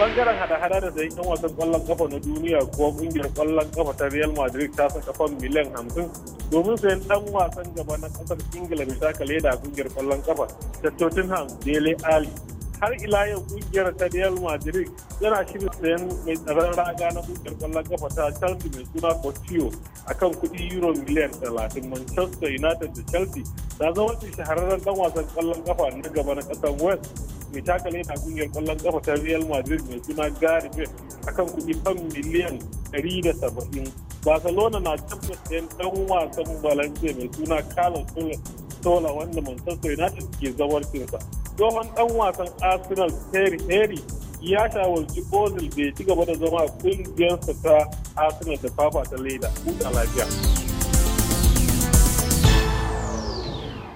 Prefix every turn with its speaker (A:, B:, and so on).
A: bangaren hada-hada da zai yan wasan kwallon kafa na duniya ko kungiyar kwallon kafa ta real madrid ta saka fan miliyan hamsin domin sayan dan wasan gaba na kasar ingila mai taka leda kungiyar kwallon kafa ta tottenham dele ali har ila yau kungiyar ta real madrid yana shirin sayan mai tsaron raga na kungiyar kwallon kafa ta chelsea mai suna coutinho akan kudi euro miliyan talatin manchester united da chelsea ta zama shahararren dan wasan kwallon kafa na gaba na kasar west mai taka leda kungiyar kwallon kafa ta Real Madrid mai suna Gary Bale akan kuɗi fan miliyan 170. Barcelona na tabbas ɗan ɗan wasan Valencia mai suna Carlos Sola wanda Manchester United ke zawarcinsa. Tsohon ɗan wasan Arsenal Terry Henry ya shawarci Ozil bai ci gaba da zama a kungiyarsa ta Arsenal da Fafa ta leda. Kuka lafiya.